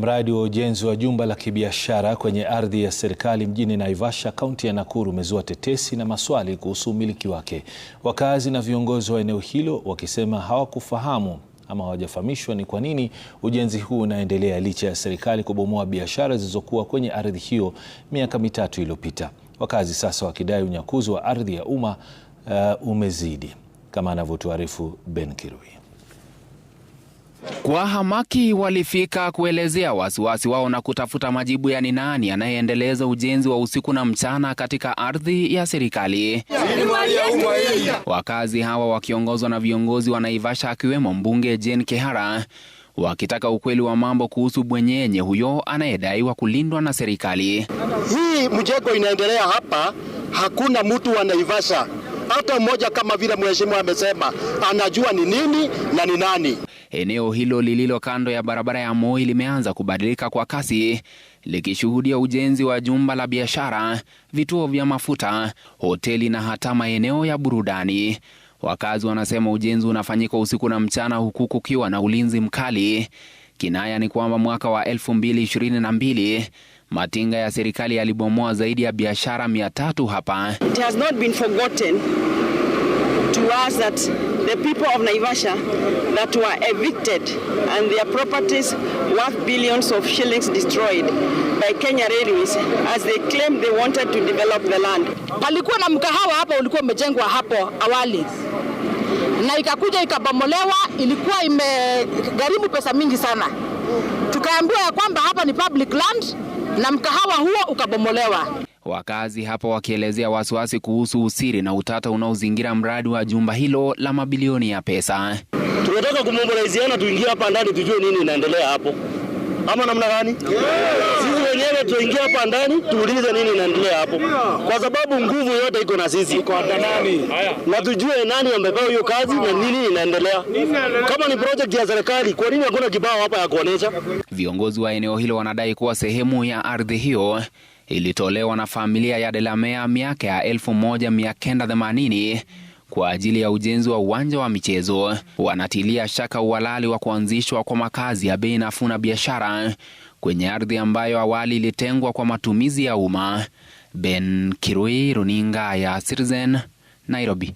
Mradi wa ujenzi wa jumba la kibiashara kwenye ardhi ya serikali mjini Naivasha, kaunti ya Nakuru umezua tetesi na maswali kuhusu umiliki wake. Wakazi na viongozi wa eneo hilo wakisema hawakufahamu ama hawajafahamishwa ni kwa nini ujenzi huu unaendelea licha ya serikali kubomoa biashara zilizokuwa kwenye ardhi hiyo miaka mitatu iliyopita. Wakazi sasa wakidai unyakuzi wa ardhi ya umma uh, umezidi, kama anavyotuarifu Ben Kirui. Kwa hamaki walifika kuelezea wasiwasi wao na kutafuta majibu ya ni nani anayeendeleza ujenzi wa usiku na mchana katika ardhi ya serikali. Wakazi hawa wakiongozwa na viongozi wa Naivasha akiwemo mbunge Jane Kehara wakitaka ukweli wa mambo kuhusu bwenyenye huyo anayedaiwa kulindwa na serikali. Hii mjengo inaendelea hapa, hakuna mtu wa Naivasha hata mmoja, kama vile mheshimiwa amesema, anajua ni nini na ni nani. Eneo hilo lililo kando ya barabara ya Moi limeanza kubadilika kwa kasi likishuhudia ujenzi wa jumba la biashara, vituo vya mafuta, hoteli na hata maeneo ya burudani. Wakazi wanasema ujenzi unafanyika usiku na mchana, huku kukiwa na ulinzi mkali. Kinaya ni kwamba mwaka wa 2022 Matinga ya serikali yalibomoa zaidi ya biashara mia tatu hapa. It has not been forgotten to us that the people of Naivasha that were evicted and their properties worth billions of shillings destroyed by Kenya Railways as they claimed they wanted to develop the land. Palikuwa na mkahawa hapa ulikuwa umejengwa hapo awali na ikakuja ikabomolewa, ilikuwa imegharimu pesa mingi sana. Tukaambiwa ya kwamba hapa ni public land na mkahawa huo ukabomolewa. Wakazi hapo wakielezea wasiwasi kuhusu usiri na utata unaozingira mradi wa jumba hilo la mabilioni ya pesa. Tunataka kumobilaiziana tuingie hapa ndani tujue nini inaendelea hapo ama namna gani? Sisi wenyewe tuingia hapa ndani tuulize nini inaendelea hapo, kwa sababu nguvu yote iko na sisi, na tujue nani amepewa hiyo kazi na nini inaendelea. Kama ni project ya serikali, kwa nini hakuna kibao hapa ya kuonesha? Viongozi wa eneo hilo wanadai kuwa sehemu ya ardhi hiyo ilitolewa na familia ya delamea miaka ya 1980 kwa ajili ya ujenzi wa uwanja wa michezo. Wanatilia shaka uhalali wa kuanzishwa kwa makazi ya bei nafuu na biashara kwenye ardhi ambayo awali ilitengwa kwa matumizi ya umma. Ben Kirui, runinga ya Citizen, Nairobi.